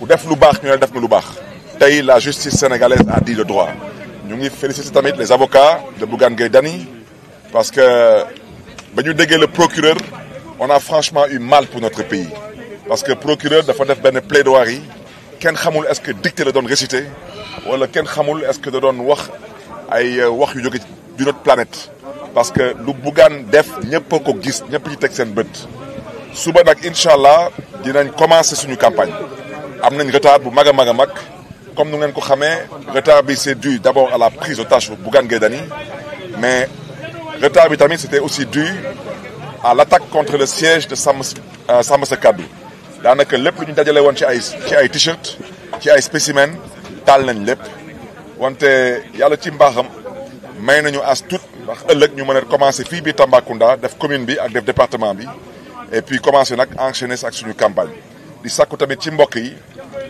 ou def lu baax ñu def la justice sénégalaise a dit le droit Nous ngi féliciter tamit les avocats de Bougane gueydani parce que nous nous déggee le procureur on a franchement eu mal pour notre pays parce que procureur dafa def une plaidoirie ken est-ce que dicté le donne récité wala ken xamul est-ce que le donne wax ay euh, wax yu d'une autre planète parce que le Bougane def ñëpp a ko gis ñëpp ci teg seen bët suba nag Inshallah, nous allons commencer suñu campagne am nañ retard bu mag a mag a mag comme nu ngeen ko xamee retard bi c'est dû d'abord à la prise d'otage Bougane Gueye dani mais retard bi tamit c'était aussi dû à l'attaque contre le siège de Sàmm Sàmm euh, Sa Kàddu daanaka lépp lu ñu dajale woon ci ay ci ay t-shirt ci ay spécimen taal nañ lépp wante yàlla ci mbaaxam may nañu as tout ndax ëllëg ñu mën a commencer fii biir Tambacounda def commune bi ak def département bi et puis commencer nag enchaîner ak suñu campagne di sàkku tamit ci mbokk yi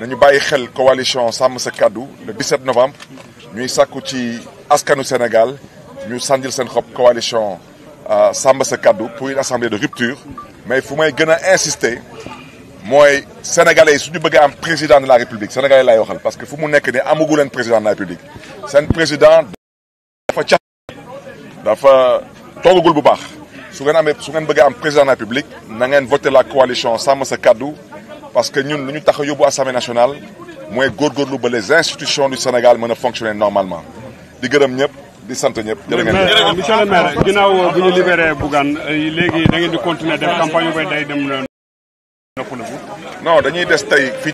nous bàyyi la coalition sàmm sa le 17 novembre ñuy avons ci askanu Sénégal ñu sànjil seen coalition euh, sàmm sa pour une assemblée de rupture mais il faut insister Moi, sénégalais si nous voulons président de la république sénégalais parce que faut mu que ne président de la république c'est un président qui a dafa toogagul bu baax su ngeen amee su président de la république vous ngeen voter la coalition sàmm sa parce que ñun lu ñu tax a yóbbu assemblée nationale mooy góorgóorlu ba les institutions du Sénégal mën fonctionner normalement di gërëm ñëpp di sant ñëpp. jërë ngeen jërëjëf monsieur le maire ginnaaw bu ñu libéré Bougane euh, léegi da ngeen di continuer def campagne bay day dem. non dañuy des tey